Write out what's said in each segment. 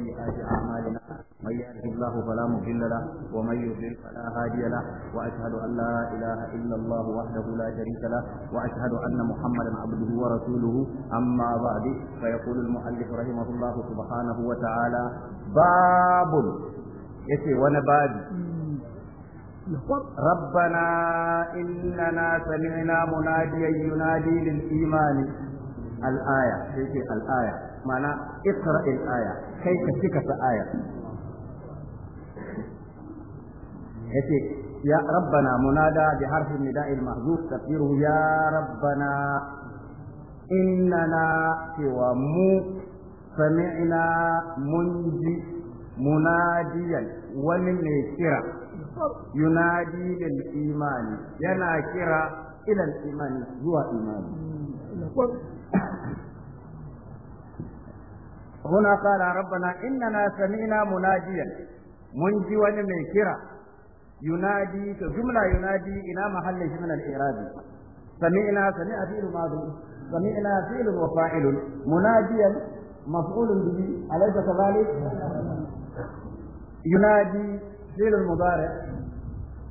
وسيئات أعمالنا من يهده الله فلا مضل له ومن يضلل فلا هادي له وأشهد أن لا إله إلا الله وحده لا شريك له وأشهد أن محمدا عبده ورسوله أما بعد فيقول المؤلف رحمه الله سبحانه وتعالى باب يسي ونباد ربنا إننا سمعنا مناديا ينادي للإيمان الآية الآية ma'ana iqra'il aya kai ka cika ta aya yace ya rabbana munada bi harfi nida'il mahzuf tafsiruhu ya rabbana innana cewa mu sami'na munji munadiyan wani ne kira yunadi lil imani yana kira ila imani zuwa imani هنا قال ربنا إننا سمعنا مناديا منجي ولمن كرا ينادي جملة ينادي إلى محل من الإعراب سمعنا سمع فعل ماضي سمعنا فعل وفاعل مناديا مفعول به أليس كذلك؟ ينادي فعل المضارع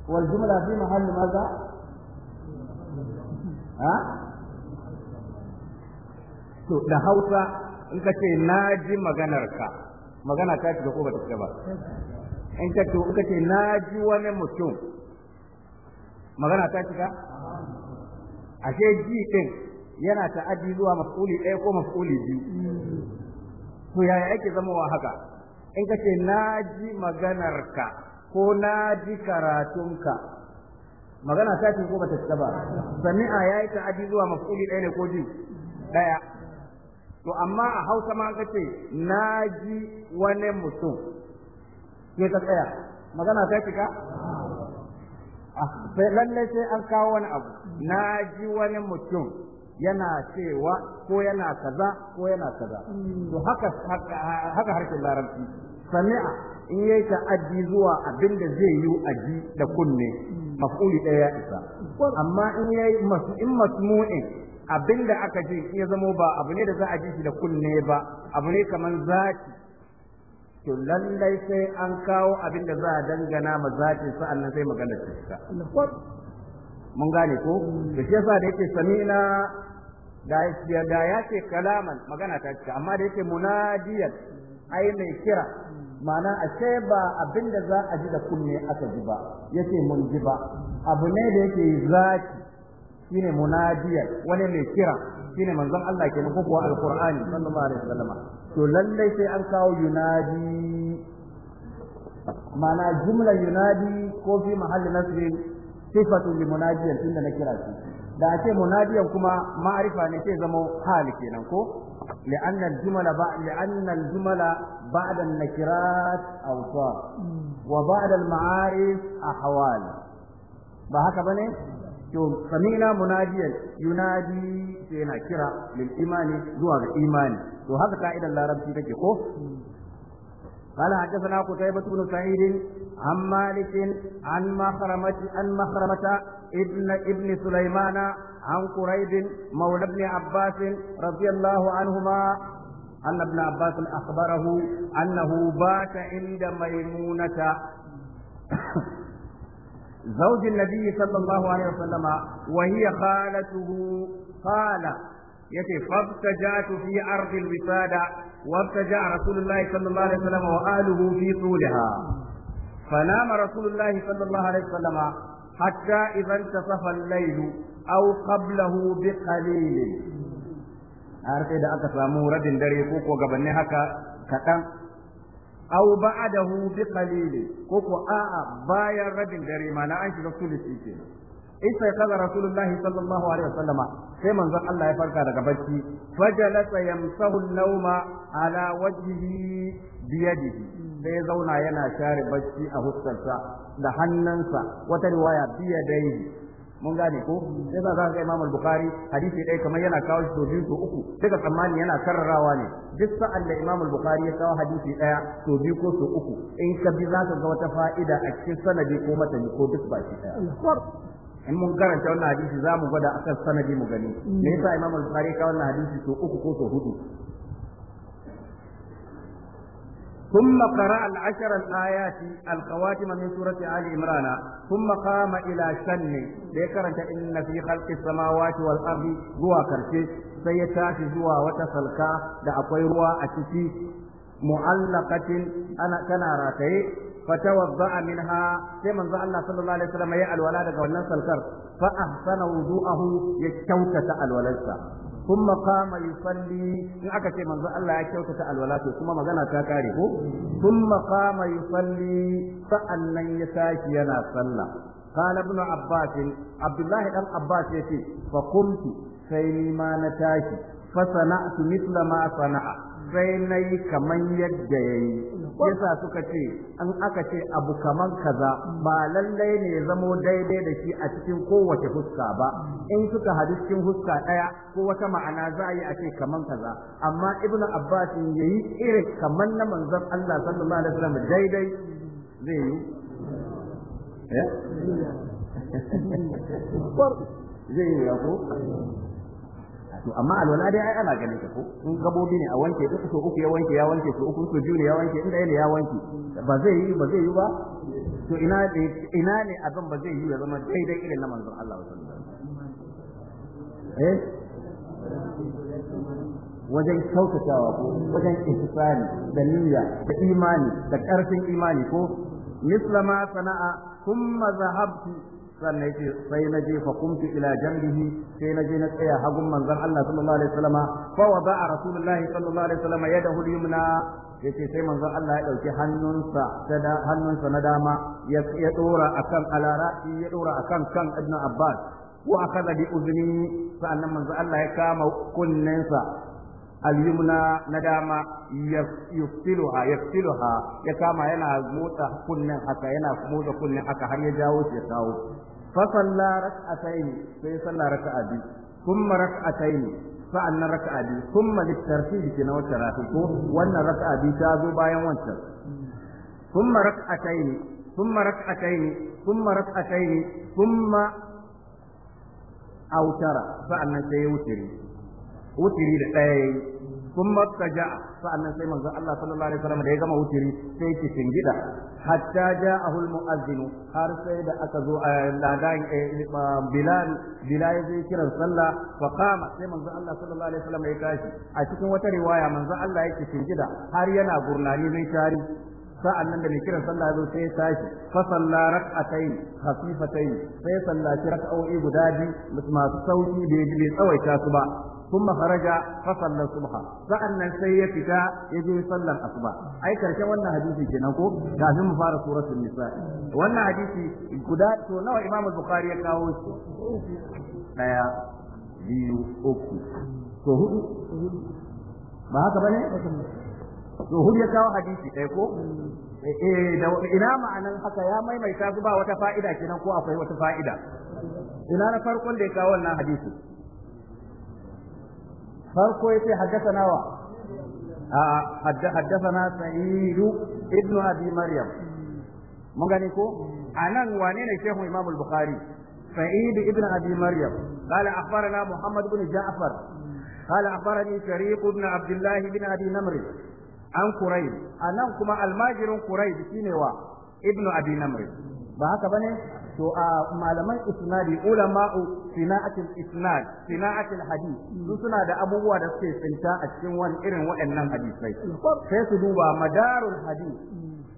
والجملة في محل ماذا؟ ها؟ to da hausa in ka ce na ji maganarka magana ta shiga ko ba ta shiga ba in ka ce ka ce na ji wani mutum magana ta shiga ashe ji din yana ta'addi zuwa maf'uli ɗaya ko maf'uli biyu to yaya ake wa haka in ka ce na ji maganarka ko na ji karatunka magana ta shiga ko ba ta shiga ba sami'a yayi ta'addi zuwa maf'uli ɗaya ne ko biyu ɗaya to amma a hausa ma ka ce na ji wani mutum ke ta tsaya magana ta cika ah, lallai sai an kawo wani abu na ji wani mutum yana cewa ko yana kaza ko yana kaza to haka haka harshen larabci sami'a in yayi aji zuwa abinda zai yi aji da kunne maf'uli daya isa amma in yayi in masmu'in Abin da aka ji ya zamo ba abu ne da za a ji shi da kunne ba abu ne kamar zaki to lallai sai an kawo abin da za a dangana ma zakin sa'annan sai magana ta mun gane ko da shi yasa da yake samina da ya ce kalaman magana ta cika amma da yake munadiyar ai mai kira ma'ana ce ba abin da za a ji da kunne aka ji ba yace mun ji ba abu ne da yake zaki shine munadiya wani mai kira shine manzon Allah ke ko kuwa alqur'ani sallallahu alaihi wasallam to lalle sai an kawo yunadi mana jumla yunadi ko fi mahalli nasri sifatu li munadiya inda na kira shi da ake munadiya kuma ma'arifa ne sai zama hali kenan ko لأن الجمل بعد لأن الجمل بعد النكرات أوصاف وبعد المعارف أحوال بهكذا to samina munadiyan yunadi sai na kira lil imani zuwa ga imani to haka ta idan larabci take ko kala haka sana ku tayyib tun sa'idin amma likin an mahramati an mahramata ibnu ibnu an quraidin mawla ibn abbas radhiyallahu anhuma anna ibn abbas akhbarahu annahu ba'a inda maymunata زوج النبي صلى الله عليه وسلم وهي خالته قال يتي فابتجات في أرض الوسادة وابتجع رسول الله صلى الله عليه وسلم وآله في طولها فنام رسول الله صلى الله عليه وسلم حتى إذا انتصف الليل أو قبله بقليل عارف إذا أكثر مورد دريقوك وقبلني هكا kaɗan aw ba'adahu bi qalil ko ko a'a bayan rabin dare ma na an shiga sulusi kenan isa kaza rasulullahi sallallahu alaihi wasallama sai manzon Allah ya farka daga bacci fajala sayamsahu an-nawma ala wajhihi bi yadihi sai ya zauna yana share bacci a huskarsa da hannunsa wata riwaya biya dai mun gane ko sai za ka ga Imam Bukhari hadisi dai kamar yana kawo shi biyu to uku daga tsammani yana karrarawa ne duk sa'an da Imam Bukhari ya kawo hadisi daya to biyu ko so uku in ka bi za ka ga wata fa'ida a cikin sanadi ko matani ko duk baki daya in mun karanta wannan hadisi za mu gwada akan sanadi mu gani me yasa Imam Bukhari ya kawo wannan hadisi to uku ko to hudu ثم قرأ العشر الآيات الخواتم من سورة آل عمران ثم قام إلى شن ذكر إن في خلق السماوات والأرض جوا كرشي سيتاشي جوا وتسلكا دعقوي روا أتشي معلقة أنا كنا راتي فتوضأ منها كما من الله صلى الله عليه وسلم يا الولادة والناس الكر فأحسن وضوءه يكوتة الولادة thumma qama yusalli in aka ce manzo Allah ya kyautata alwala to kuma magana ta kare ko thumma qama yusalli sa'annan ya tashi yana sallah qala ibn abbas abdullah ce abbas fa qumtu sai ni ma na tashi fa sana'tu mithla ma sana'a sai na yi kaman yadda ya yi yasa suka ce an aka ce abu kaman kaza ba lallai ne ya zamo daidai da shi a cikin kowace huska ba in suka hadu cikin huska ɗaya ko wata ma'ana za a yi a ce kaman kaza amma ibnu abbas ya yi irin kaman na manzon Allah sallallahu alaihi wasallam daidai zai yi eh? zai yi ya ko to amma alwala dai ai ana ganin ta ko in gabobi ne a wanke duk so uku ya wanke ya wanke so uku so biyu ne ya wanke inda yana ya wanke ba zai yi ba zai yi ba to ina ne ina ne abin ba zai yi ya zama daidai irin na manzon Allah sallallahu alaihi wasallam eh wajen kyautatawa ko wajen ihsani da niyya da imani da karfin imani ko mislama sana'a kuma zahabti sannan yace sai na je fa kumtu ila jambihi sai na je na tsaya hagun manzon Allah sallallahu alaihi wasallam fa wada'a rasulullahi sallallahu alaihi wasallam yadahu al-yumna yace sai manzon Allah ya dauki hannunsa da hannunsa na dama ya dora akan alara'i ya dora akan kan ibn Abbas wa akhadha bi uzni sannan manzon Allah ya kama kunninsa al-yumna na dama yafsiluha yafsiluha ya kama yana motsa kunnen haka yana motsa kunnen haka har ya jawo shi ya kawo فصلى ركعتين في صلى بي ثم ركعتين فعلنا ركعة ثم للترتيب كنا والتراتب وأن ركعة بي تازو بايا وانتر ثم ركعتين ثم ركعتين ثم ركعتين ثم أوتر فعلنا سيوتر wutiri da ɗaya yayi kun mattaja sa'annan sai manzon Allah sallallahu alaihi wasallam da ya gama wutiri sai ki singida hatta ja'ahu al-mu'azzin har sai da aka zo a eh, ladan eh, bilal bilal zai kiran sallah fa qama sai manzon Allah sallallahu alaihi wasallam ya tashi a cikin wata riwaya manzon Allah yake singida har yana gurnani zai tari sa'an nan da mai kiran sallah zo sai ya tashi fa salla rak'atayn khafifatayn sai sallaci rak'a'o'i guda biyu masu sauki da bai tsawaita su ba ثم خرج فصلى الصبح فأن سيفك يجي صلى الأصبح أي كرشة وانا حديثي كنكو كافي مفارة سورة النساء وانا حديثي قدات نوع إمام البخاري يكاوش ɗaya biyu uku so ba haka bane so hudu ya kawo hadisi ɗaya ko eh da ina ma'anan haka ya maimaita zuba ba wata fa'ida kenan ko akwai wata fa'ida ina na farkon da kawo wannan hadisi farko yace haddathana wa a haddathana sa'id ibn abi maryam mun gane ko anan wane ne shehu imam al-bukhari sa'id ibn abi maryam qala akhbarana muhammad ibn ja'far qala akhbarani shariq ibn abdullah ibn abi namr an quraib anan kuma almajirin kurai shine wa ibn ba haka bane to a malaman isnadi ulama'u sina'atul isnad sina'atul hadith su suna da abubuwa da suke tsinta a cikin wani irin waɗannan hadisai sai su duba madarul hadith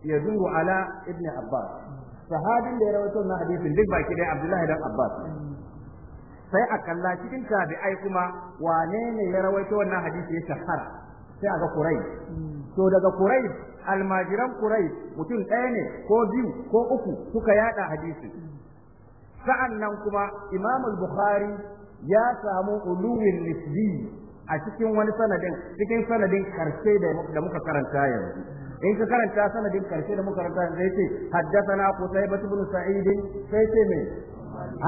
ya duru ala ibn abbas sahabin da ya rawaito na hadisin duk baki dai abdullahi dan abbas sai a kalla cikin tabi'ai kuma wane ne ya rawaito wannan hadisi ya shahara sai a ga to daga kurai almajiran kurai mutum ɗaya ne ko biyu ko uku suka yada hadisi sa'an nan kuma Imamul al-bukhari ya samu uluwin nisbi a cikin wani sanadin cikin sanadin karshe da muka karanta yanzu in ka karanta sanadin karshe da muka karanta yanzu yace haddathana qutaybah ibn sa'id sai ce me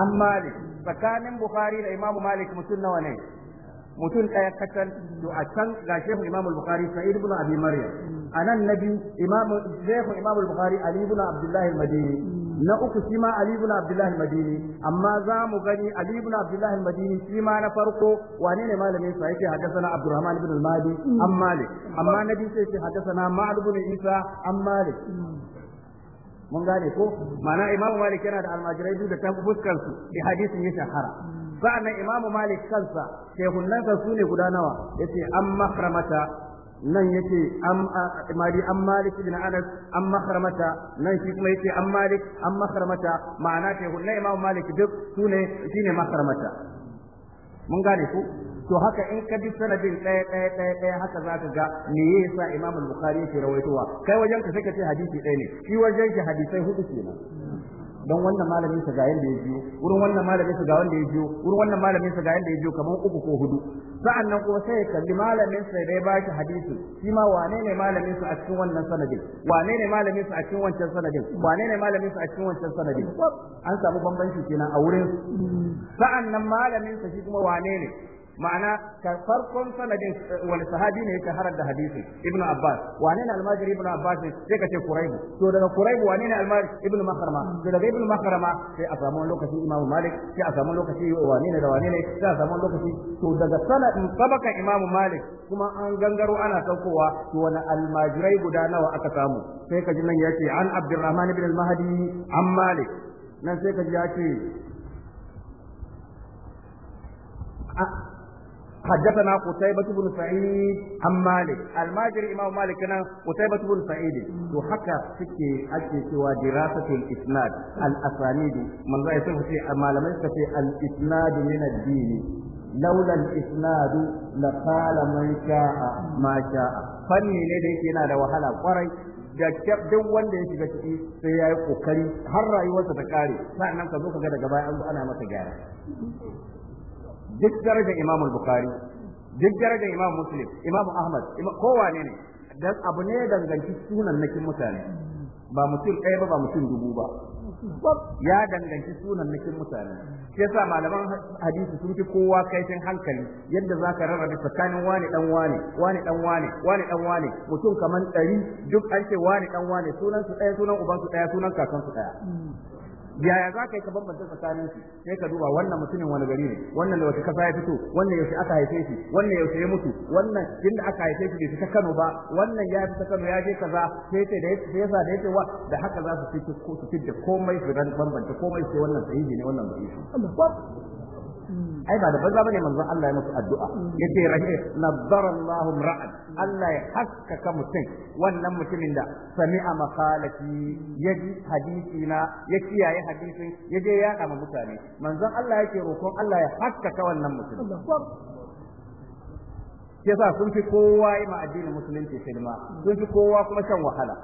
an malik tsakanin bukhari da imam malik mutum nawa ne mutum ɗaya kacal to a can ga shehu imam al-bukhari sa'id ibn abi maryam anan na biyu imam shehu imam al-bukhari ali ibn abdullah al-madini na uku shi ma ali ibn abdullah al-madini amma za mu gani ali ibn abdullah al-madini shi ma na farko wane ne malamin sa yake haddathana abdurrahman ibn al-mahdi an malik amma na biyu sai yake haddathana ma'ad ibn isa an malik mun gane ko ma'ana imam malik yana da almajirai duk da ta fuskar su da hadisin ya shahara sa'annan imamu malik kansa shehunansa su ne guda nawa yace an makramata nan yake an an malik ibn anas an makramata nan shi kuma yace an malik an makramata ma'ana shehunan imamu malik duk su ne ne makramata mun gane ku to haka in ka bi sanadin ɗaya ɗaya ɗaya ɗaya haka za ka ga me yasa imamu bukari yake rawaitowa kai wajen ka sai ka ce hadisi ɗaya ne shi wajen shi hadisai hudu kenan don wannan malamin sa ga yanda ya biyo wurin wannan malamin sa ga wanda ya biyo wurin wannan malamin sa ga yanda ya biyo kamar uku ko hudu sa'an nan kuma sai ya kalli malamin sa da ya shi hadisi shi ma wane ne malamin sa a cikin wannan sanadin wane ne malamin sa a cikin wancan sanadin wane ne malamin sa a cikin wancan sanadin an samu bambanci kenan a wurin sa'an nan malamin sa shi kuma wane ne ma'ana farkon sanadin eh, wani sahabi ne ya harar da hadisi ibnu abbas wane ne almajiri ibnu abbas sai ka ce quraibu to daga quraibu wane ne almajiri ibnu makharma to daga ibnu makharma sai a samu lokacin imamu malik sai a samu lokaci wane ne da wane ne sai a samu lokaci to daga sanadin sabakan imamu malik kuma an gangaro ana saukowa to wani almajirai guda nawa aka samu sai ka ji nan yace an abdurrahman ibn al-mahdi an malik nan sai ka ji yace حدثنا قتيبة بن سعيد عن مالك الماجري إمام مالك كان قتيبة بن سعيد وحكى سكي أكي سوى دراسة الإسناد الأسانيد من رأي سنفتي أما لم يستطيع الإسناد من الدين لولا الإسناد لقال من شاء ما شاء فني لديك ينادى وحلا قري da duk wanda ya shiga ciki sai ya yi kokari har rayuwarsa ta kare sa'annan ka zo ka ga daga baya an zo ana masa gyara duk darajar Imam Bukhari duk darajar Imam Muslim Imam Ahmad kowane ne dan abu ne danganci sunan nakin mutane ba mutum ɗaya ba ba mutum dubu ba ya danganci sunan nakin mutane Ke sa malaman hadisi sun fi kowa kaifin hankali yadda za ka rarrabe tsakanin wani dan wane, wani dan wane, wani dan wane, mutum kaman ɗari duk an ce wani dan wane, sunan su ɗaya sunan uban su ɗaya sunan kakan su ɗaya yaya za ka yi ka bambanta tsakanin su sai ka duba wannan mutumin wani gari ne wannan da wata kasa ya fito wannan yaushe aka haife shi wannan yaushe ya mutu wannan inda aka haife shi bai fita Kano ba wannan ya fita Kano ya je kaza sai sai da yasa da yake wa da haka za su fito ko su fitta komai su bambanta komai sai wannan sahihi ne wannan bai Hmm. ai ba da banza bane manzon Allah ya musu addu'a hmm. yace rahi nazzara Allahu ra'ad Allah ya haskaka mutum wannan mutumin da sami'a maqalati yaji hadisi na ya kiyaye hadisin yaje ya ma mutane manzon Allah yake roƙon Allah ya haskaka wannan mutum yasa sun fi kowa yi ma addinin musulunci hidima sun fi kowa kuma shan wahala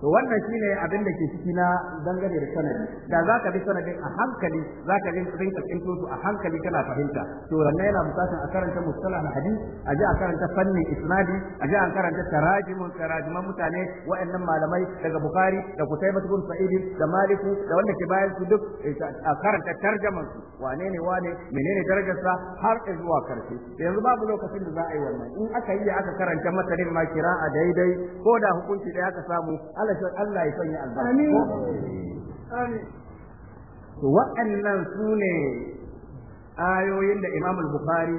to wannan shine abin da ke ciki na dangane da sanadi da za ka bi sanadin a hankali za ka rinka rinka tsinto su a hankali kana fahimta to wannan yana bukatan a karanta na hadith a ji a karanta fannin isnadi a ji a karanta tarajimun tarajiman mutane wa'annan malamai daga bukhari da kutai bin sa'id da maliku da wanda ke bayan su duk eh, a karanta tarjaman su wane ne wane menene darajarsa har zuwa karshe yanzu babu lokacin da za a yi wannan in aka yi aka karanta matanin ma a daidai ko da hukunci da aka samu Allah shi Allah ya sanya albarka amin amin to sune ayoyin da Imam al-Bukhari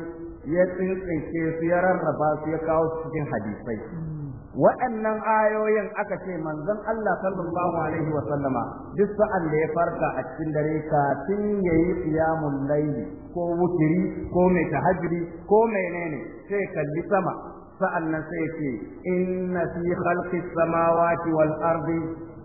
ya tsintsince su ya rarraba su ya kawo su cikin hadisai waɗannan ayoyin aka ce manzon Allah sallallahu alaihi wa sallama duk sa'an da ya farka a cikin dare kafin yayi qiyamul layli ko wutiri ko mai tahajjudi ko menene sai kalli sama sa’annan sai ke inna fi halki samawati wal ardi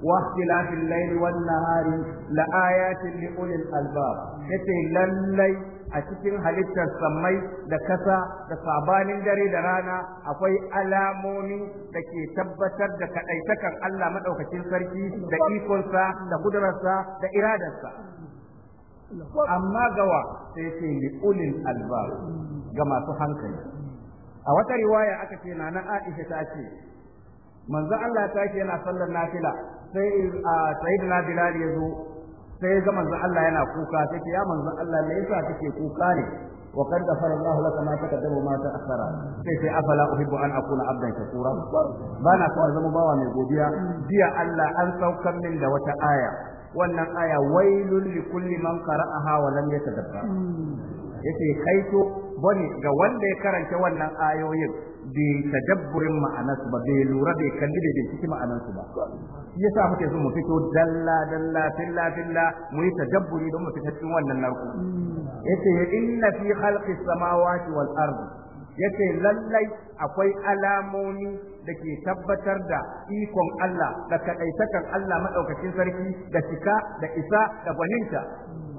wa ikhtilafil layli wan nahari la ayatin li ulil albab yace lallai a cikin halittar samai da ƙasa da sabanin dare da rana akwai alamomi da ke tabbatar da kadaitakan Allah maɗaukacin sarki da ikonsa da kudararsa da iradarsa amma gawa sai ce li ulil albab ga masu hankali a wata riwaya aka ce na Aisha ta ce manzo Allah ta ce yana sallar nafila sai sayyidina Bilal ya zo sai ga manzo Allah yana kuka sai ya manzo Allah me yasa kake kuka ne wa qad ghafara Allah laka ma taqaddama ma ta'akhkhara sai sai afala uhibbu an akuna abdan shakura bana so zama bawa mai godiya jiya Allah an saukar min da wata aya wannan aya wailul likulli man qara'aha wa lam yatadabbar yace kaito bane ga wanda ya karanta wannan ayoyin bai tadabburin ma'anarsu ba bai lura bai kalli bai bincike ma'anarsu ba yasa muke so mu fito dalla dalla filla filla mu yi tadabburi don mu fita cikin wannan narko yace inna fi khalqi samawati wal ardi yace lallai akwai alamomi da ke tabbatar da ikon Allah da kadaitakan Allah madaukakin sarki da cika da isa da gwaninta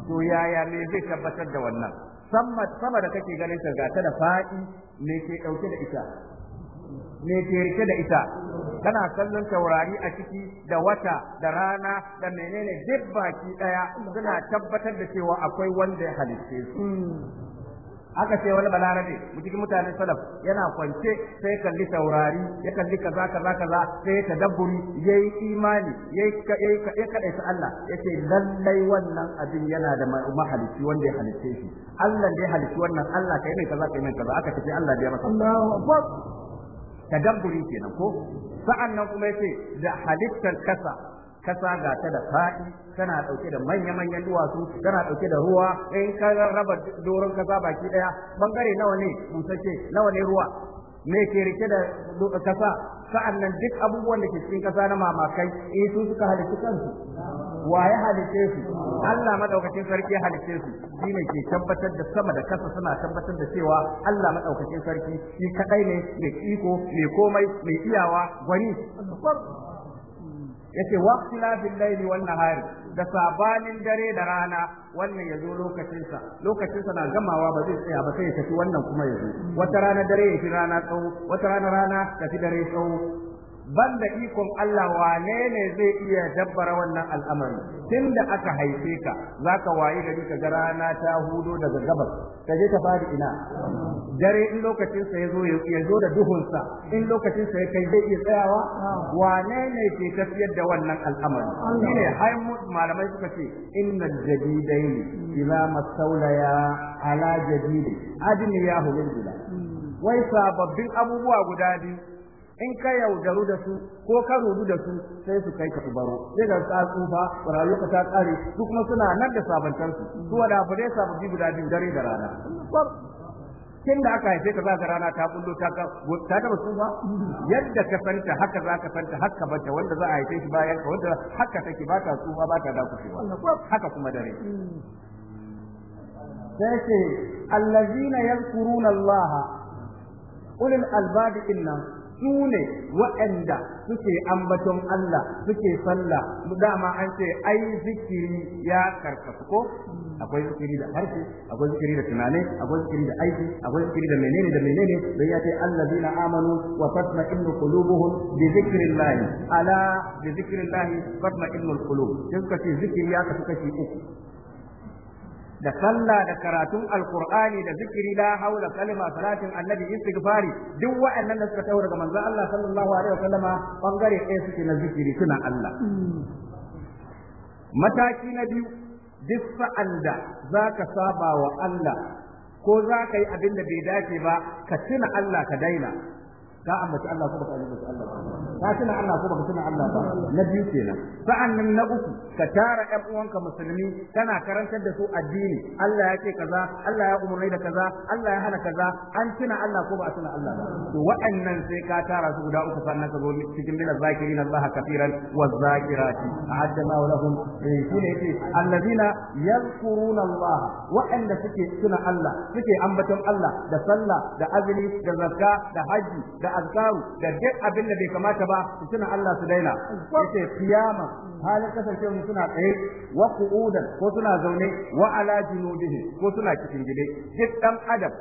to yaya ne zai tabbatar da wannan sama da kake ganin ta gata da fa'i me ke dauke da ita me ke rike da ita kana kallon taurari a ciki da wata da rana da menene duk baki daya suna tabbatar da cewa akwai wanda ya halitte su aka ce wani balarabe cikin mutanen salaf yana kwance sai kalli taurari ya kalli kaza kaza kaza sai ya tadabburi yayi imani yayi ya kada ta Allah yace lallai wannan abin yana da mahalici wanda ya halice shi Allah da ya halici wannan Allah kai mai kaza kai mai kaza aka ce Allah da ya masa Allahu akbar tadabburi kenan ko sa'annan kuma yace da halittar kasa kasa ga ta da faɗi tana ɗauke da manya-manyan duwatsu tana ɗauke da ruwa in ka raba doron kasa baki ɗaya bangare nawa ne musace nawa ne ruwa me ke rike da kasa sa'an nan duk abubuwan da ke cikin kasa na mamakai eh su suka halitta kansu wa ya halitta su Allah madaukakin sarki ya halitta su shi ne ke tabbatar da sama da kasa suna tabbatar da cewa Allah madaukakin sarki shi kadai ne mai iko mai komai mai iyawa gwani yace la fil layli wan nahari da sabanin dare da rana wannan ya zo lokacinsa lokacinsa na gamawa ba zai tsaya ba sai ya tafi wannan kuma ya zo wata rana dare ya fi rana tsawo wata rana rana tafi dare tsawo banda ikon Allah wane ne zai iya dabbara wannan al'amari da aka haife ka zaka waye gari ka ga rana ta hudo daga gabas ka je ka fadi ina dare in lokacin sa yazo ya zo da duhun sa in lokacin sa kai zai iya tsayawa wane ne ke tafiyar da wannan al'amari shine har malamai suka ce innal jadidaini idza masaulaya ala jadidi adniyahum lil wai sababbin abubuwa guda biyu in ka yaudaru da su ko ka rudu da su sai su kai ka tubaro baro sai ga ka tsufa rayuwa ta kare su kuma suna nan da sabantar su su wada bude dai sababbi guda biyu dare da rana kin da aka haife ka za ka rana ta kullo ta ka ta su tsufa yadda ka fanta haka za ka fanta, haka bata wanda za a haife shi bayan ka wanda haka take ba ta tsufa ba ta dakushewa haka kuma dare sai ce allazina yazkuruna allaha ulil albabi inna. su ne waɗanda suke ambaton Allah suke sallah dama an ce ai zikiri ya karkasu ko akwai zikiri da harshe akwai zikiri da tunani akwai zikiri da aiki akwai zikiri da menene da menene don ya ce allazina amanu wa tatma'innu qulubuhum bi zikrillah ala bi zikrillah tatma'innu alqulub sai suka ce zikiri ya kasu kashi uku da sallah da karatun alqur'ani da zikiri la haula kalima salatin annabi istighfari duk wa'annan da suka tawo daga manzon Allah sallallahu alaihi bangare ɗaya suke na zikiri suna Allah mataki na biyu duk sa'an da zaka saba wa Allah ko za ka yi abin da bai dace ba ka tuna Allah ka daina ka ambaci Allah ko baka ambaci Allah ka tuna Allah ko baka tuna Allah ba na biyu kenan sa'annan na uku ka tara ƴan uwanka musulmi kana karantar da su addini Allah ya ce kaza Allah ya umarni da kaza Allah ya hana kaza an tuna Allah ko ba a tuna Allah ba to waɗannan sai ka tara su guda uku sannan ka zo cikin min zakirin Allah kafiran wa zakirati a'adda Allah lahum eh, shine yace allazina yadhkuruna Allah waɗanda suke tuna Allah suke ambaton Allah da sallah da azumi da zakka da hajji, da azkaru da duk abin da bai kamata ba su tuna Allah su daina yace qiyama halin kasancewa suna tsaye wa qu'udan ko suna zaune wa ala junubihi ko suna cikin gide duk dan adam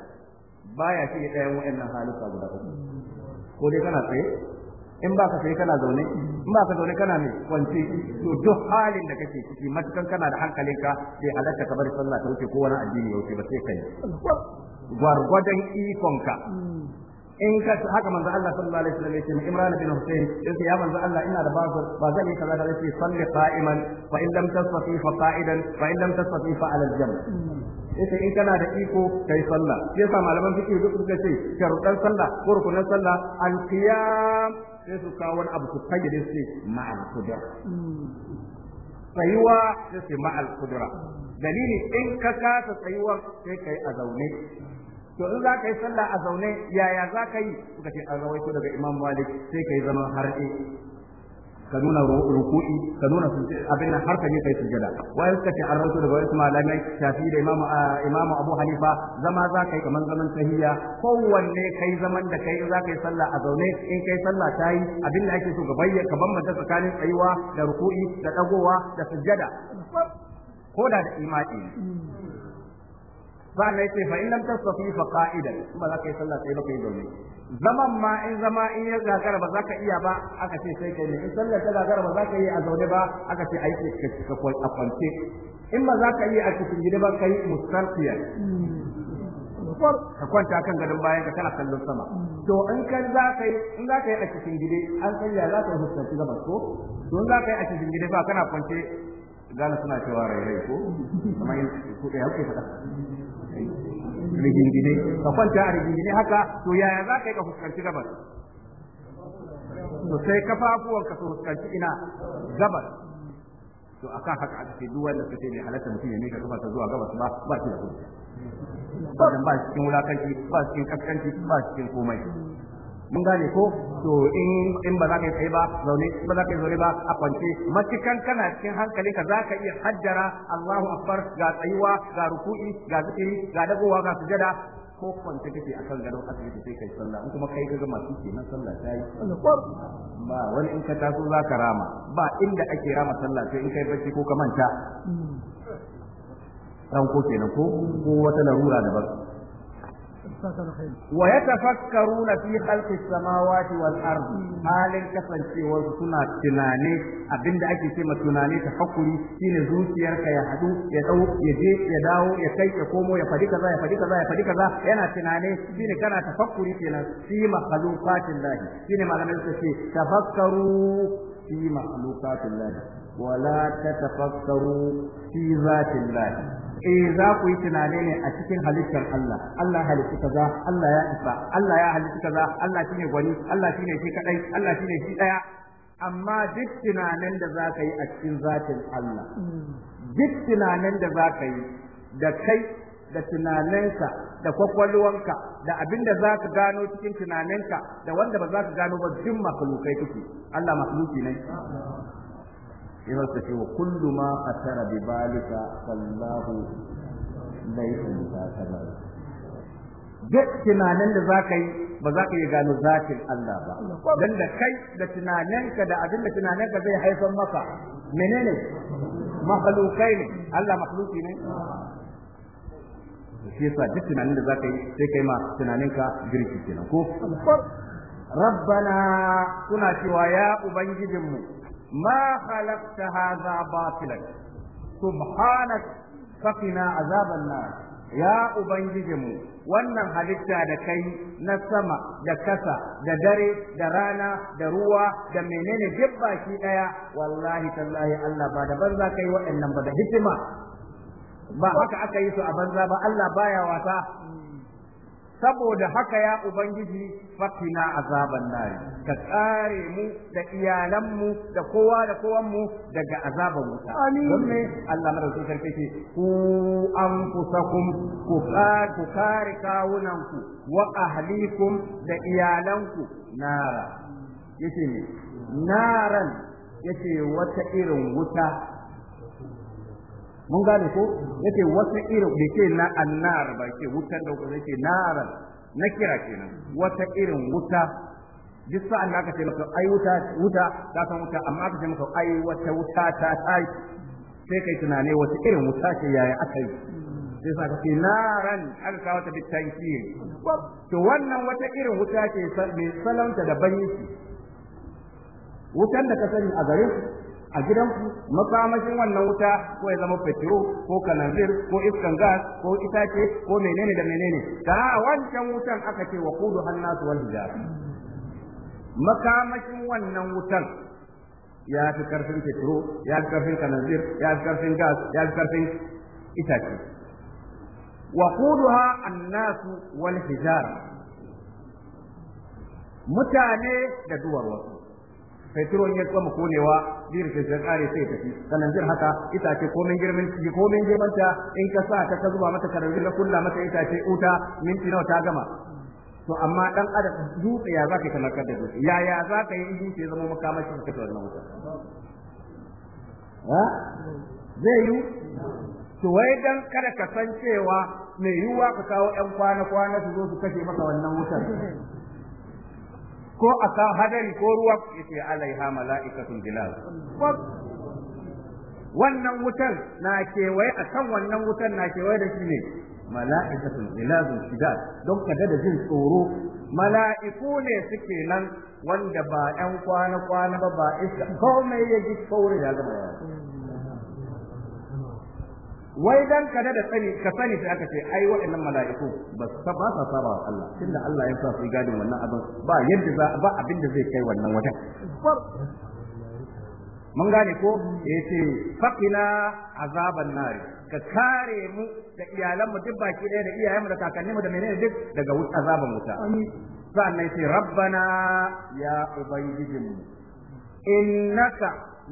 baya shi ɗayan wa'annan halika guda uku ko dai kana tsaye in ba ka sai kana zaune in ba ka zaune kana ne kwance to duk halin da kake ciki matukan kana da hankalinka sai halatta ka bari sallah ta wuce ko wani addini ya wuce ba sai kai gwargwadon ikonka in ka haka manzo Allah sallallahu alaihi wasallam yake Imran bin Hussein yace ya manzo Allah ina da bazo ba zan yi kaza da yace salli qa'iman fa in lam tastati fa qa'idan fa in lam tastati fa ala al-jamb yace in kana da iko kai sallah yasa malaman fiqh duk suka ce sharuɗan sallah ko rukunan sallah an qiyam sai su kawo wani abu su kayyade su ma'al kudura tsayuwa sai ma'al kudura dalili in ka kasa tsayuwar sai kai a zaune to in za ka yi sallah a zaune yaya za ka yi suka ce an rawaito daga imam malik sai ka yi zaman harɗe ka nuna ruku'i ka nuna abin nan har ka je kai sujada wai suka ce an rawaito daga wasu malamai shafi da imamu imamu abu hanifa zama za kai kamar zaman sahiya kowanne kai zaman da kai za kai sallah a zaune in kai sallah tayi abin da ake so ka bayyana ka bambanta tsakanin tsayuwa da ruku'i da dagowa da sujada ko da da imani sannan yace fa in lam tasfi fa qa'idan kuma za ka yi sallah sai baka yi zaman ma in zama in ya gagara ba za ka iya ba aka ce sai kai ne in sallar ta gagara ba za ka yi a zaune ba aka ce ai ka ka kwance in ba za ka yi a cikin gida ba kai mustarfiya ka kwanta kan gadon bayan ka kana kallon sama to in ka za ka yi in zaka yi a cikin gida an sanya za yi fuskanci ga bako to in za ka yi a cikin gida ba kana kwance gana suna cewa rai rai ko amma in ku da yake ka rigingine ka kwanta a rigingine haka to yaya za ka yi ka fuskanci gabas to sai kafafuwanka su fuskanci ina gabas to akan haka aka ce duk wanda kace bai halatta mutum ya mika kafa ta zuwa gabas ba ba shi da hujja ba cikin wulakanci ba cikin kaskanci ba cikin komai mun gane ko to in ba za ka yi tsaye ba zaune ba za ka yi zaune ba a kwance matukan kana cikin hankali ka za ka iya haddara Allahu akbar ga tsayuwa ga ruku'i ga zikiri ga dagowa ga sujada ko kwance kake kan gadon asibiti sai kai sallah in kuma kai ka ga masu kenan sallah ta yi ba wani in ka taso za ka rama ba inda ake rama sallah sai in kai bacci ko ka manta ko kenan ko ko wata larura ba. ويتفكرون في خلق السماوات والأرض حال kasancewar suna tunane abinda ake ce tunane ta hakuri shine zuciyarka ya hadu ya dau ya je ya dawo ya kai ya komo ya fadi kaza ya fadi kaza ya fadi kaza yana tunane shine kana tafakkuri kenan fi makhluqatin lahi shine malamai suka ce tafakkaru fi makhluqatin lahi wala tatafakkaru fi zatin lahi eh za ku yi tunani ne a cikin halittar Allah Allah halitta kaza Allah ya isa Allah ya halitta kaza Allah shine gwani Allah shine shi kadai Allah shine shi daya amma duk tunanin da za ka yi a cikin zatin Allah duk tunanin da za ka yi da kai da tunaninka da kwakwalwanka da abin da za ka gano cikin tunaninka da wanda ba za ka gano ba duk makhlukai kuke Allah makhluki ne ina ta ce wa kullu ma atara bi balika sallahu laysa mutakala duk tunanin da zaka yi ba za ka yi gano zakin Allah ba dan da kai da tunaninka da abin da tunaninka zai haifar maka menene makhlukai ne Allah makhluki ne shi yasa duk tunanin da zaka yi sai kai ma tunaninka girki kenan ko ربنا كنا cewa ya ما خلقت هذا باطلا سبحانك فقنا عذاب النار يا أبنجم wannan halitta da kai na sama da kasa da dare da rana da ruwa da menene duk baki daya wallahi tallahi Allah ba da banza yi waɗannan ba da hikima ba haka aka yi su a banza ba Allah baya wasa saboda haka ya ubangiji fatina azaban nari ka tsare mu da iyalanmu da kowa da kowan mu daga azaban wuta amin me Allah madaukakin sarki ce ku anfusakum ku ku kare kawunanku wa ahlikum da iyalanku nara yace ne naran yace wata irin wuta mun gane ko yake wata irin da ke na annar ba ke wutar da ko yake naran na kira kenan wata irin wuta duk sa'an da aka ce maka ai wuta wuta ka san wuta amma aka ce maka ai wata wuta ta tai sai kai tunane wata irin wuta ce yaya aka yi sai sa ka ce naran aka kawo ta bitanki to wannan wata irin wuta ce mai salanta da banyi wutan da ka sani a garin a gidanku makamashin wannan wuta ko ya zama fetiro ko kanazir ko iskan gas ko itace ko menene da menene ta wancan wutan aka ce wa kudu hannasu wal hijara makamashin wannan wutan ya fi karfin fetiro ya fi karfin kanazir ya fi karfin gas ya fi karfin itace wa ha annasu wal hijara mutane da duwar wasu fetiro ya kama konewa jirgin ke sai kare sai tafi sannan jin haka itace komai girman ki komai girman ta in ka sa ta zuba mata karanzir da kulla mata itace uta minti nawa ta gama to amma dan adam dutse ya zaka kalakar da dutse ya ya zaka yi dutse zama makamashi ka tafi wannan wuta ha zai yi to wai dan kada ka san cewa mai yiwuwa ka kawo yan kwana kwana su zo su kashe maka wannan wutar ko a kan hadari ko ruwa yace alaiha mala'ikatun bilal wannan wutan na kewaye a kan wannan wutan na kewaye da shi ne mala'ikatun ilazun shida don ka da jin tsoro mala'iku ne suke nan wanda ba 'yan kwana-kwana ba ba iska komai ya ji kauri da gama wai dan kada da sani ka sani sai aka ce ai waɗannan mala'iku ba sa ba sa saba wa Allah tunda Allah ya sa su gadin wannan abin ba yadda za ba abin da zai kai wannan wajen mun gane ko yace faqina azaban nari ka kare mu da iyalan mu duk baki ɗaya da iyayen mu da kakanni mu da menene duk daga azaban wuta sannan yace rabbana ya ubangijinmu innaka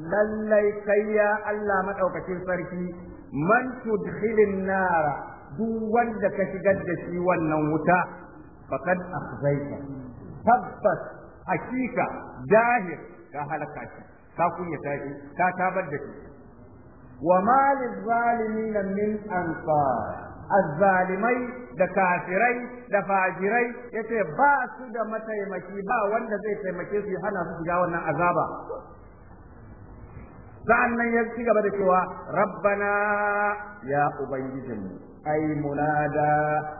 lallai kai ya Allah madaukakin sarki man tudkhilin nara duk wanda ka shigar da shi wannan wuta faqad akhzaita tabbas hakika dahir, ka halaka shi ka kunya tashi ka tabar da shi wa ma lizzalimina min ansar azzalimai da kafirai da fajirai yace ba su da mataimaki ba wanda zai taimake su hana su shiga wannan azaba nan ya ci gaba da cewa rabbana ya ubangijinmu ay munada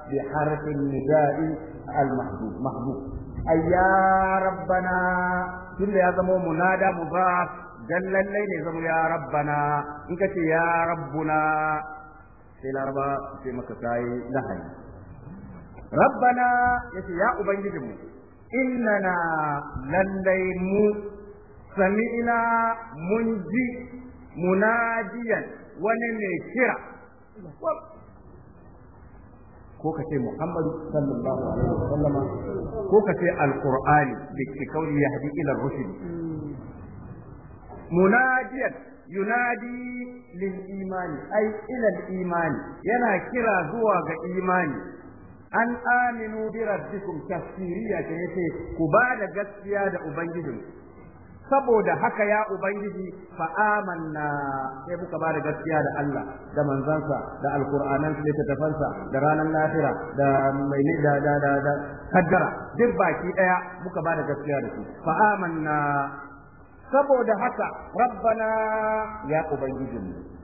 bi harfin nida'i al mahdud mahdud ay ya rabbana da ya zama munada ba dan lallai ne zama ya rabbana in kace ya rabbuna sai laraba sai maka sai lahani rabbana yace ya mu innana lallai mu sami'na mun ji munadiyan wani mai kira ko ka ce Muhammadu sallallahu alaihi wasallama ko ka ce alqur'ani da ke kauli ya ila rusul munadiyan yunadi lil imani ai ila imani yana kira zuwa ga imani an aminu bi rabbikum tafsiriya yace ku ba da gaskiya da ubangijinku saboda haka ya ubangiji fa amanna sai muka ba da gaskiya da Allah da manzansa da alqur'anan ta tafansa da ranar lafira da mai da da da da kaddara duk baki daya muka ba da gaskiya da su fa amanna saboda haka rabbana ya ubangijinmu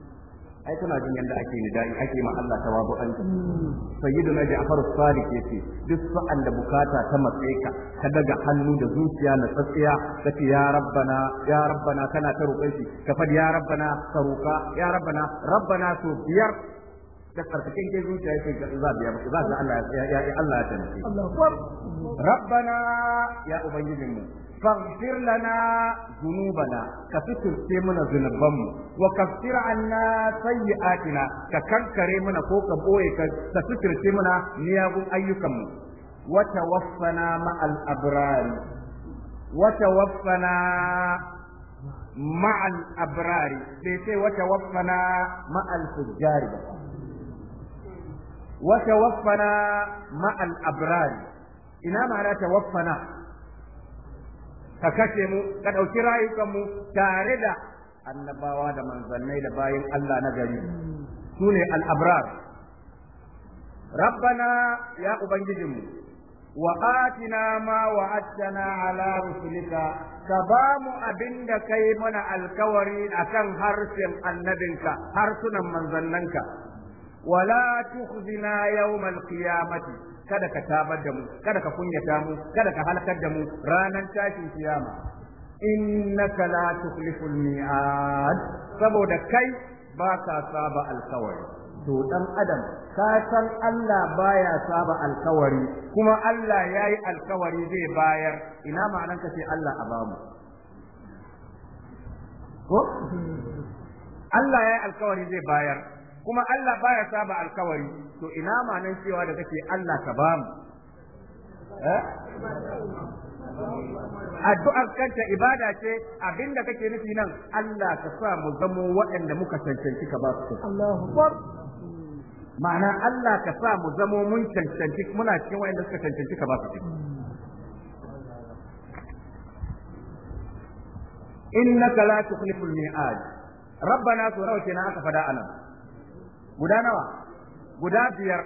ai kuna jin yanda ake nidai ake ma Allah tawabu'an na Ja'far as-Sadiq yace duk sa'an da bukata ta matse ka ka daga hannu da zuciya na tsatsiya kace ya rabbana ya rabbana kana ta roƙon shi ka fadi ya rabbana ka roƙa ya rabbana rabbana to biyar da karfafin ke zuciya yake ga za biya za Allah ya ya Allah ya taimake rabbana ya ubangijinmu faghfir lana dhunubana ka fitirce mana zunubanmu wa kaffir anna sayyi'atina ka kankare mana ko ka boye ka ka fitirce mana miyagun ayyukanmu wa tawaffana ma'al abrar wa tawaffana ma'al abrar sai sai wa tawaffana ma'al fujjar Wata tawaffana ma'al abrar ina ma'ana tawaffana ka kase mu ka ɗauki mu tare da annabawa da manzannai da bayin Allah na gari su ne al'abrar rabbana ya ubangijinmu wa atina ma wa'adtana ala rusulika ka bamu mu abin da kai mana alkawari akan harshen annabinka harsunan manzannanka wala tukhzina yawmal qiyamati kada ka tabar da mu kada ka kunyata mu kada ka halakar da mu ranar tashin kiyama innaka la tukhliful mi'ad saboda kai ba ka saba alkawari to dan adam ka san Allah baya saba alkawari kuma Allah yayi alkawari zai bayar ina ma'anar ka ce Allah a bamu ko Allah yayi alkawari zai bayar kuma Allah baya saba alkawari to ina nan cewa da kake Allah ka ba mu eh addu'ar kanta ibada ce abinda kake nufi nan Allah ka sa mu zamo waɗanda muka cancanci ka ba su Allahu akbar ma'ana Allah ka sa mu zamo mun cancanci muna cikin waɗanda suka cancanci ka ba su innaka la tukhliful mi'ad rabbana sura kenan aka fada anan guda nawa guda biyar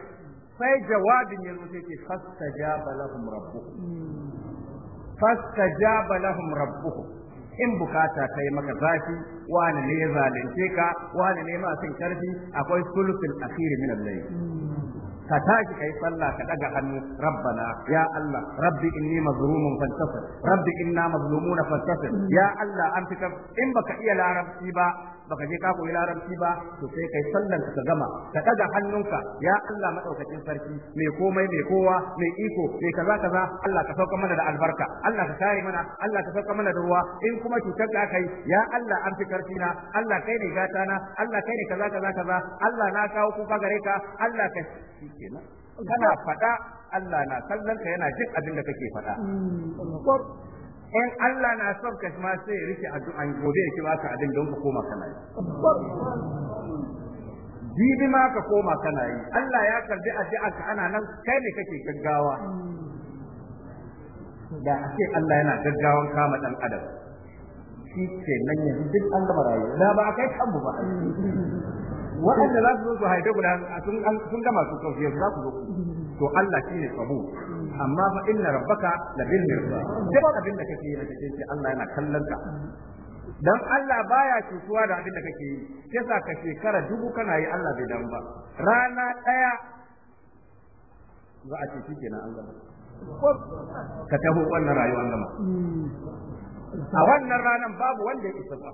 sai jawabin ya zo sai ce fastajaba lahum rabbuhum fastajaba lahum rabbuhum in bukata ta yi maka zafi wani ne ya zalunce ka wani ne ma sun karfi akwai sulusul akhir min al-layl ka tashi kai sallah ka daga hannu rabbana ya Allah rabbi inni mazlumun fantasir rabbi inna mazlumuna fantasir ya Allah an fitar in baka iya larabci ba baka je ka koyi larabci ba to sai kai sallan ka gama ka daga hannunka ya Allah madaukakin sarki mai komai mai kowa mai iko mai kaza kaza Allah ka sauka mana da albarka Allah ka kare mana Allah ka sauka mana da ruwa in kuma cutar da aka yi ya Allah an fi karfi na Allah kai ne gata na Allah kai ne kaza kaza kaza Allah na kawo kuka gare ka Allah ka kenan kana faɗa Allah na kallon ka yana jin abin da kake faɗa mm. in Allah na son ka ma sai rike addu'an gobe ya kira ka abin don ka koma kana yi jibi ma ka koma kana yi Allah ya karbi addu'an ka ana nan kai ne kake gaggawa mm. da ake Allah yana gaggawan kama dan adam shi ke nan yanzu duk an gama rayuwa da ba a kai kanmu ba mm. waɗanda za su zo su haife guda sun gama su kawai yanzu za ku zo to Allah shi ne kabu amma fa inna rabbaka la bil mirsa duk abin da kake yi na cikin shi Allah yana kallon ka dan Allah baya cutuwa da abin da kake yi yasa ka shekara dubu kana yi Allah bai dan ba rana ɗaya za a ce shi na an gama ka taho wannan rayuwar gama a wannan ranan babu wanda ya isa ba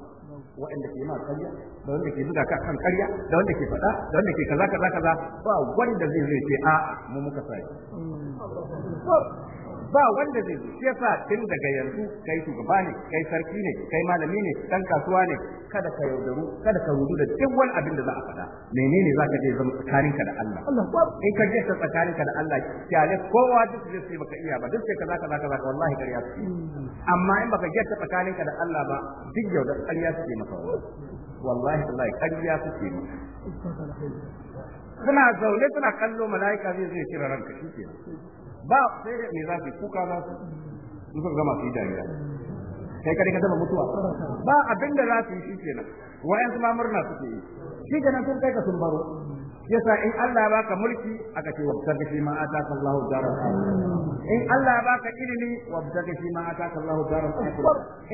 waɗanda ke ma karya da wanda ke buga karya kan da wanda ke faɗa da wanda ke kaza kaza kaza ba wanda zai zai ce a mu muka sai hmm. ba wanda zai zo shi yasa tun daga yanzu kai shugaba ne kai sarki ne kai malami ne dan kasuwa ne kada ka yaudaru kada ka rudu da duk wani abin da za a faɗa menene ka je zama tsakaninka da Allah Allah in ka je ka tsakaninka da Allah kyale kowa duk zai sai baka iya ba duk sai kaza kaza kaza wallahi kariya amma in baka je ka tsakaninka da Allah ba duk yaudar kariya suke maka wallahi wallahi kariya suke maka suna zaune suna kallo mala'ika zai zai kira ranka shi kenan ba sai ne za su kuka za su su gama su yi dariya kai kare ka zama mutuwa ba abinda da za su yi shi kenan wa'yansu ma murna suke yi shi kenan sun kai ka sun baro yasa in Allah baka mulki aka ce da shi ma ataka Allahu daral in Allah baka ilimi da shi ma ataka Allahu daral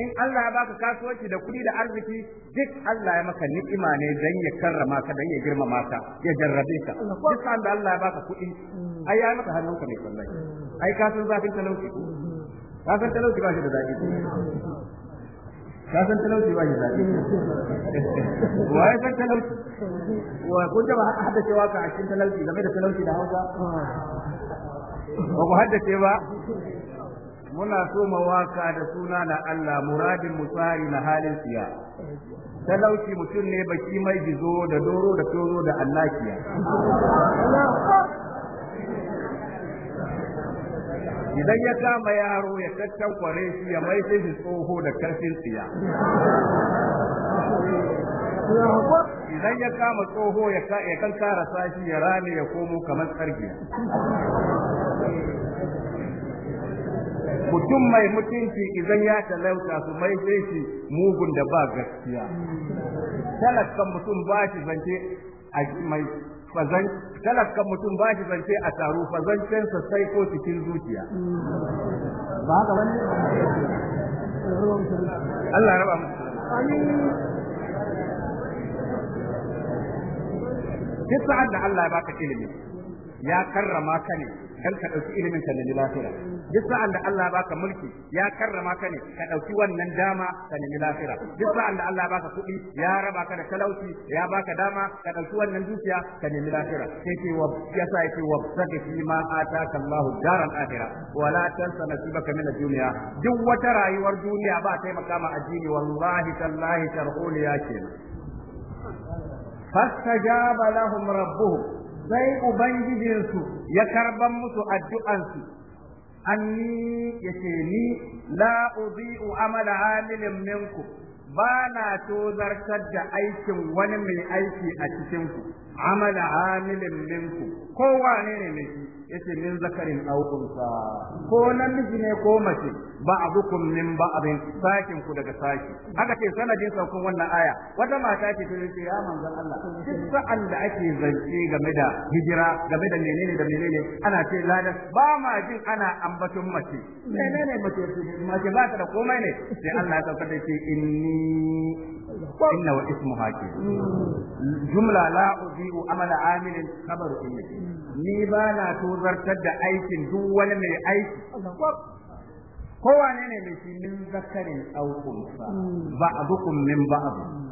in Allah baka kasuwanci da kuɗi da arziki duk Allah ya maka ni'ima ne dan ya karrama ka dan ya girmama ka ya jarrabe ka duk sanda Allah ya baka kuɗi ai ya maka hannunka ne sallai ai ka san zafin talauci ka san talauci ba shi da zafi ka san talauci ba shi zaɓi wa ya san talauci wa kun taɓa haddace waka a cikin talauci game da talauci da hausa ba ku haddace ba muna so waka da suna na Allah muradin musari na halin siya talauci mutum ne baki mai gizo da doro da toro da annakiya idan ya kama yaro ya tattan kware shi ya mai sai shi tsoho da karfin tsiya idan ya kama tsoho ya kan kara sashi ya rame ya komo kamar tsargiya mutum mai mutunci idan ya talauta su mai sai shi mugun da ba gaskiya talakan mutum ba shi zance a mai fazan talakkan mutum ba shi zance a taro fazancensa sai ko cikin zuciya ba haka bane Allah raba mu duk sa'ad da Allah ya baka ilimi ya karrama ka ne dan ka dauki ilimin ka nemi lafiya duk sa'an da Allah baka mulki ya karrama ka ne ka dauki wannan dama ka nemi lafira. duk sa'an da Allah baka kuɗi ya raba ka da talauci ya baka dama ka dauki wannan dukiya ka nemi lafiya sai ke wa yasa yake wa sadi fi ma ataka Allah daral akhirah wa tansa nasibaka min ad-dunya duk wata rayuwar duniya ba taimaka makama addini wallahi tallahi tarhul ya kenan فاستجاب لهم ربهم sai ubangijinsu ya karban musu addu'ansu anni yace ni la amala amilin minkum ba na tozartar da aikin wani mai aiki a cikinku amala hamilin minku kowa ne ne mai yace min zakarin aw unsa ko namiji ne ko mace ba ba'dukum min ba'din sakin ku daga saki haka ce sanadin saukun wannan aya wata mata ce ta ce ya manzon Allah duk sa'an da ake zance game da hijira game da menene da menene ana ce ladan ba ma jin ana ambaton mace menene mace mace ba ta da komai ne sai Allah ya saukar da ce inni inna wa ismu haki jumla la uzi'u amala amilin khabaru inna ni ba na tozartar da aikin duk wani mai aiki kowane ne mai shi min zakarin ba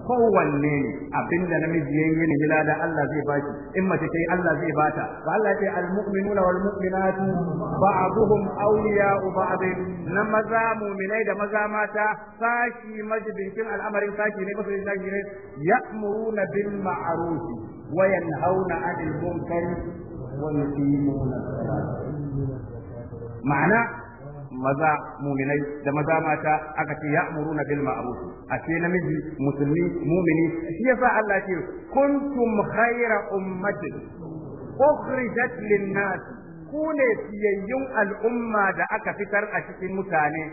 kowanne ne abinda namiji yayi ne da Allah zai baki in mace ta yi Allah zai bata fa Allah ya ce al mu'minuna wal mu'minatu ba'duhum awliya'u ba'd na maza mu'minai da maza mata sashi majibin al'amarin saki ne masu sashi ne ya'muruna bil ma'ruf wa yanhauna 'anil munkari wa yuqimuna as-salata ma'ana maza muminai da maza mata aka ce ya'muruna bil ma'ruf ce namiji musulmi mumini shi yasa Allah ce kuntum khayra ummatin ukhrijat lin-nas ku ne fiyayyun al'umma da aka fitar a cikin mutane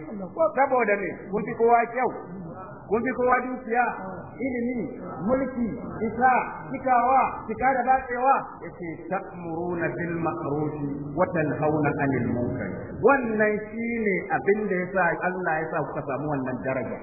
saboda ne kun fi kowa kyau kun fi kowa dukiya ilimi mulki isa cikawa cika da batsewa yace ta'muruna bil ma'arufi wa tanhauna 'anil munkar wannan shine abin da yasa Allah yasa kuka samu wannan daraja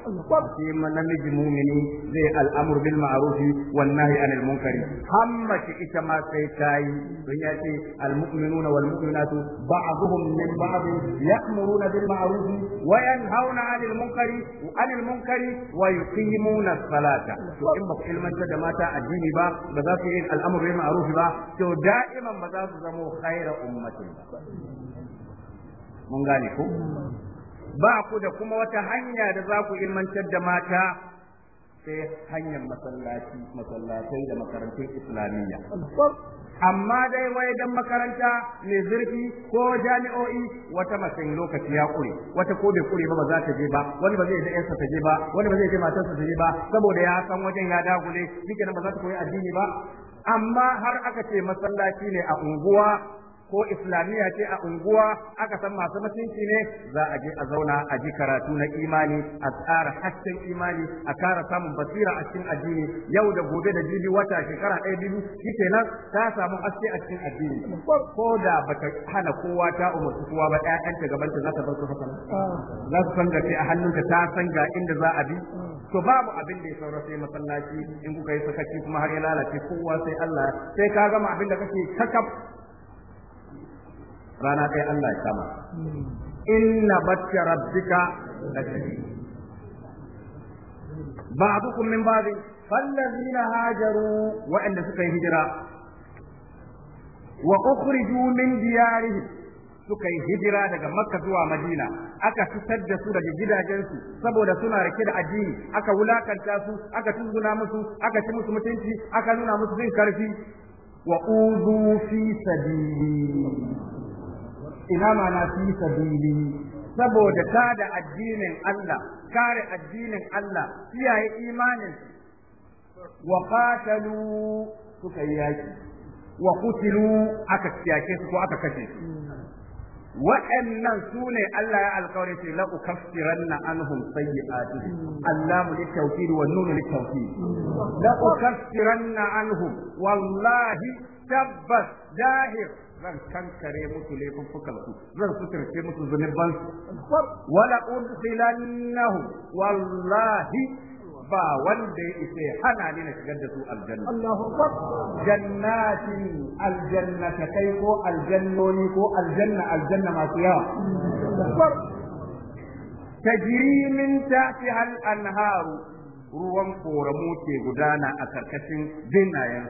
ma namiji mumini zai al'amur bil ma'arufi, wa nahi 'anil munkar hamma shi ita ma sai tayi don yace al mu'minuna wal mu'minatu ba'dhum min ba'd ya'muruna bil ma'ruf wa yanhauna 'anil munkar 'anil munkar wa yuqimuna as-salat ta to in ba ku ilmantar da mata addini ba ba za su yi al'amuru bil ma'ruf ba to da'iman ba za su zamo khaira ummatin ba mun gane ko ba ku da kuma wata hanya da za ku ilmantar da mata sai hanyar masallaci masallatai da makarantun islamiyya amma dai wai dan makaranta mai zurfi ko jami'o'i wata mace lokaci ya kure wata ko bai kure ba ba za ta je ba wani ba zai da yarsa ta je ba wani ba zai da matarsa ta je ba saboda ya san wajen ya dagule shikenan ba za ta koyi addini ba amma har aka ce masallaci ne a unguwa ko islamiyya ce a unguwa aka san masu mutunci ne za a je a zauna a ji karatu na imani a tsara hasken imani a kara samun basira a cikin addini yau da gobe da jibi wata shekara ɗaya biyu shikenan ta samu haske a cikin addini ko da baka hana kowa ta umarci kowa ba 'ya'yanta gaban ta za ta bar su haka za su san sai a hannunka ta san ga inda za a bi to babu abin da ya saura sai masallaci in kuka yi sakaci kuma har ya lalace kowa sai Allah sai ka gama abin da kake kakaf rana ɗaya Allah ya kama inna bacci rabbika da ba'dukum min ba'din fallazina hajaru waɗanda suka yi hijira wa ukhriju min diyarihim suka hijira daga makka zuwa madina aka fitar da su daga gidajensu saboda suna rike da addini aka wulakanta su aka tunzuna musu aka ci musu mutunci aka nuna musu jin karfi wa uzu fi sabili ina ma na fi sabili saboda ta da addinin Allah kare addinin Allah kiyaye imanin wa qatalu suka yi yaki wa qutilu aka kiyake su ko aka kashe su waɗannan su ne Allah ya alkawari ce la ukaffiranna anhum sayyi'atihim mu litawkid wa nunu litawkid la ukaffiranna anhum wallahi tabbas dahir zan kankare musu laifuffukan su zan suturce musu zunuban su wala udkhilannahu wallahi ba wanda ya isa hana ni na shigar da su aljanna Allahu akbar jannatin kai ko aljannoni ko aljanna aljanna masu yawa tajri min tahtiha al-anharu ruwan koramu ke gudana a karkashin dinayen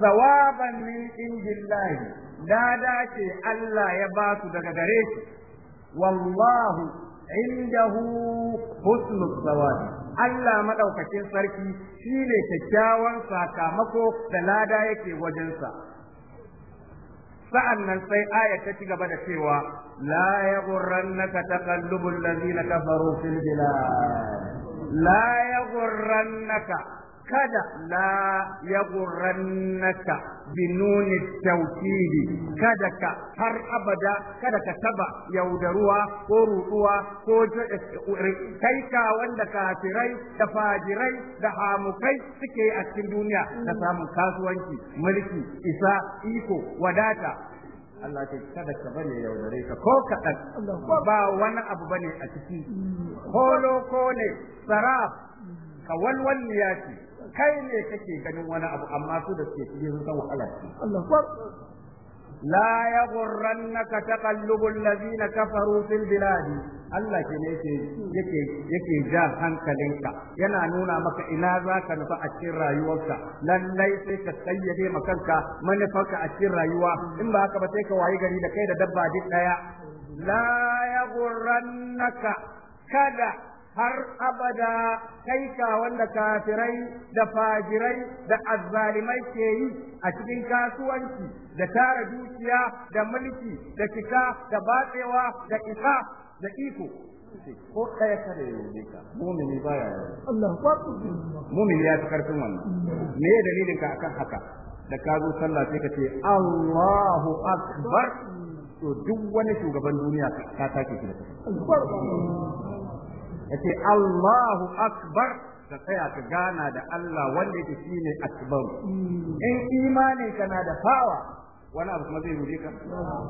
sawaban min indillahi lada ce Allah ya ba su daga gare shi wallahu indahu husnul sawabi Allah madaukakin sarki shine kyakkyawan sakamako da lada yake wajensa sa'an nan sai aya ta ci gaba da cewa la yaghurrannaka taqallubul ladina kafaru fil bilad la yaghurrannaka kada la yaghurrannaka binuni tawkid kada ka har abada kada ka taba yaudaruwa ko ruɗuwa ko kaika wanda kafirai da fajirai da hamukai suke a cikin duniya da samun kasuwanci mulki isa iko wadata Allah ce kada ka bari yaudare ka ko kaɗan ba wani abu bane a ciki kolo ko ne saraf ka walwal ya ce kai ne kake ganin wani abu amma su da suke cikin sun san wahala ce لا يغرنك تقلب الذين kafaru fil bilad Allah ke ne yake yake ja hankalinka yana nuna maka ina za ka nufa a cikin rayuwarka lallai sai ka ma manufa manufarka a cikin rayuwa in ba haka ba sai ka wayi gari da kai da dabba duk daya la yaghurrannaka kada har abada kai ka wanda kafirai da fajirai da azzalimai ke yi a cikin kasuwanci da tara dukiya da mulki da cika da batsewa da isa da iko ko ɗaya ka da yi ka mumini baya Allah mumini ya fi karfin wannan me ya dalilin ka akan haka da ka zo sallah sai ka ce Allahu akbar to duk wani shugaban duniya ka take shi da yace Allahu akbar ka tsaya ka gana da Allah wanda yake shine akbar in imani kana da fawa wani abu kuma zai burge ka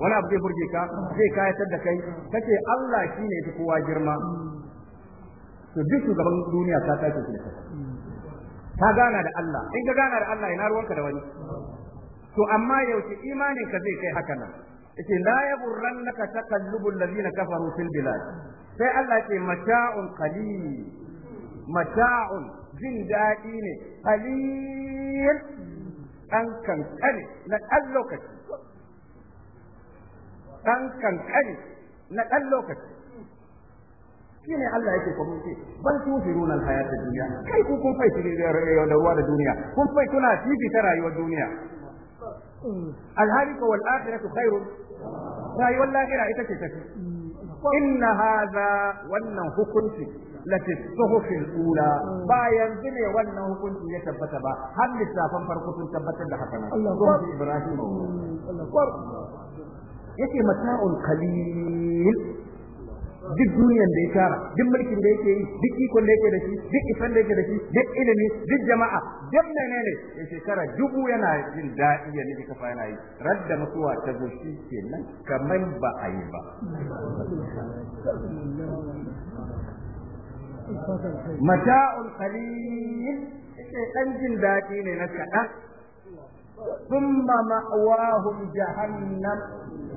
wani abu zai burge ka zai kayatar da kai kace Allah shine yake kowa girma to duk shugaban duniya ta tashi shi ka gana da Allah in ka gana da Allah ina ruwanka da wani to amma yaushe imanin ka zai kai haka nan yake la yaburrannaka taqallubul ladina kafaru fil bilad sai Allah yace mata'un qalil mata'un jin daɗi ne qalil dan kankane na ɗan lokaci dan kankane na ɗan lokaci shi ne Allah yake kuma ce ban tufiruna alhayata duniya kai ku kun fai shi da ruwa da duniya kun fai kuna fifi ta rayuwar duniya alhali ko wal akhiratu khairun rayuwar lahira ita ce tafi inna hadha wannan hukunci lati suhufil ula ba yanzu ne wannan hukunci ya tabbata ba har lissafan farko sun tabbatar da haka nan Ibrahim yake mata'un qalil duk duniyar da ya tara duk mulkin da yake yi duk ikon da yake da shi duk isan da yake da shi duk ilimi duk jama'a duk menene ya shekara dubu yana jin daɗi ya nufi kafa yana yi radda mutuwa ta zo kenan kamar ba a yi ba mata'ul qalil sai dan jin daɗi ne na kaɗan ثم مأواهم جهنم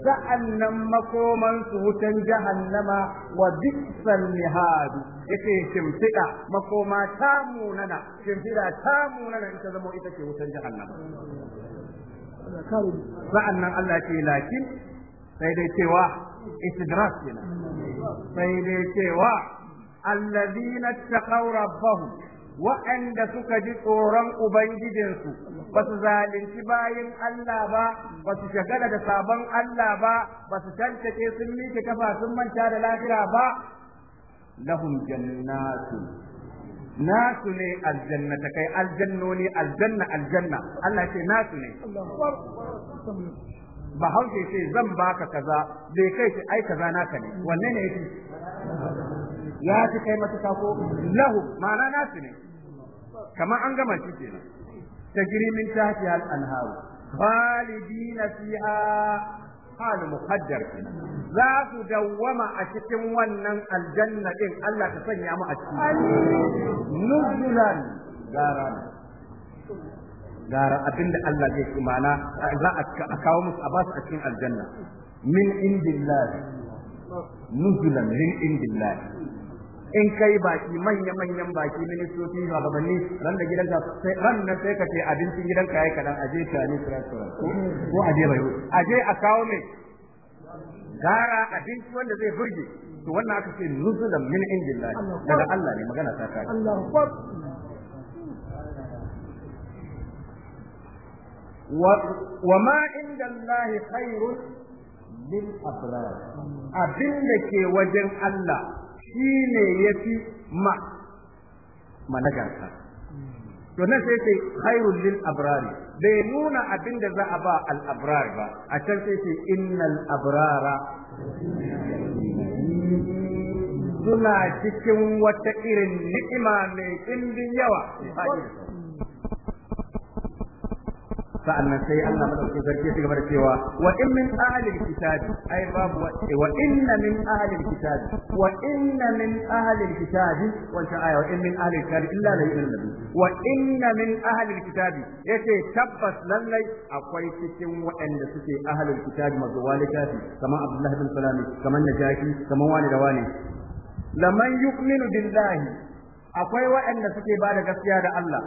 sa'annan makoman su wutan jahannama wa bi'sal mihadi, yake shimfida makoma ta munana shimfida ta munana ita zama ita ce wutan jahannama sa'annan Allah ce lakin sai dai cewa istidrak kenan sai dai cewa الذين taqaw rabbahum wa'anda suka ji tsoron ubangijinsu ba su zalunci bayin Allah ba ba su shagala da sabon Allah ba ba su tantake sun miƙe kafa sun manta da lafiya ba lahum jannatu nasu ne aljannata kai aljannoni aljanna aljanna Allah ce nasu ne ba hauke ce zan baka kaza bai kai shi ai kaza naka ne wanne ne yake ya fi kai matuka ko lahu ma'ana nasu ne kamar an gama shi kenan ta min tahtiha al-anhar na fiha hal muqaddar za su dawwama a cikin wannan aljanna din Allah ta sanya mu a ciki nuzulan garan gara abinda Allah zai ci mana za a kawo musu a basu a cikin aljanna min indillahi nuzulan min indillahi in kai baki manya-manyan baki ministoci shugabanni ran da gidanka sai ran nan sai ka ce abincin gidanka yayi kadan aje ta ne restaurant ko aje bayo aje a kawo mai gara abinci wanda zai burge to wannan aka ce nuzulan min indillahi daga Allah ne magana ta kai وما عند الله خير للأبرار أبن لك وجن الله shine fi ma managarta to na sai sai khairul lil abrari bai nuna abin da za a ba al abrar ba a can sai sai innal abrara suna cikin wata irin ni'ima mai indin yawa sa'annan sai Allah madaukakin sarki ya gaba da cewa wa in min ahlil kitabi ai babu wa inna min ahlil kitabi wa inna min ahlil kitabi wancan sha'aya wa in min ahlil kitabi illa la yu'minu wa inna min ahlil kitabi yace tabbas lallai akwai cikin waɗanda suke ahlul kitabi mazuwa littafi kamar Abdullahi bin Salami kamar Najashi kamar wani da wani laman yu'minu billahi akwai waɗanda suke ba da gaskiya da Allah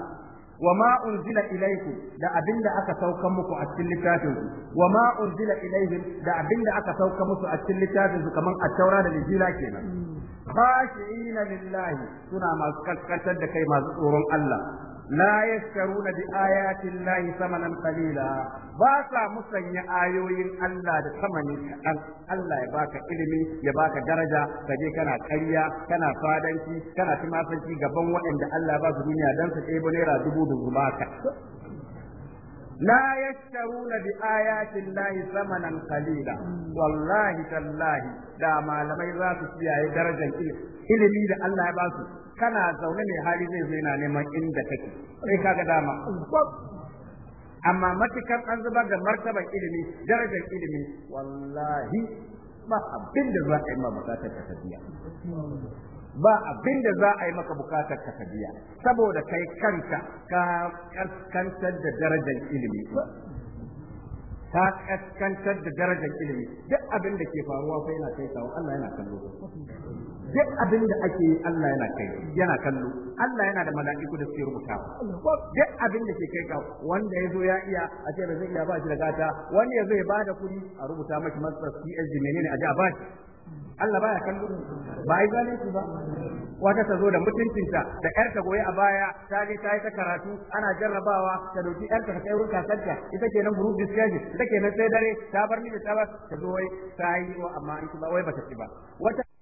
wa ma unzila ilaikum da abinda aka sauka muku a cikin littafin ku wa ma unzila ilaihim da abinda aka sauka musu a cikin littafin su kaman at-taura da injila kenan mm. khashi'ina lillahi suna masu kaskantar da kai masu tsoron Allah لا يشترون بآيات الله ثمنا قليلا باسا مسنيا آيوين الله ثمن الله يباك علمي يباك درجة كجي كان كريا كان فادنكي كان تمافنكي غبن وإن الله باك دنيا دنسة إيبونيرا دبو دبو لا يشترون بآيات الله ثمنا قليلا والله تالله دا ما لم يرات فيها درجة علمي دا الله يباسو kana zaune mai hali zai zo yana neman inda kake sai kaga dama amma matukar an zubar da martaban ilimi darajar ilimi wallahi ba abin da za a yi ma bukatar ka tafiya, ba abin da za a yi maka bukatar ka tafiya saboda kai kanka ka kaskantar da darajar ilimi ka kaskantar da darajar ilimi duk abin da ke faruwa sai yana kai kawo Allah yana kallo duk abin da ake yi Allah yana kai yana kallo Allah yana da mala'iku da suke rubuta duk abin da ke kai ka wanda ya zo ya iya a ce ba zai iya ba shi da gata wani ya zo ya bada kuɗi a rubuta maki masa PSG menene a ji a ba shi Allah baya kallo ba ai shi ba wata ta zo da mutuncinta da yar ta goye a baya ta je ta yi ta karatu ana jarrabawa ta dauki yar ta kai wurin kakarta ita kenan group discussion ita kenan sai dare ta bar ni da ta ba ta zo wai ta yi wa amma in ba wai ba ta ci ba wata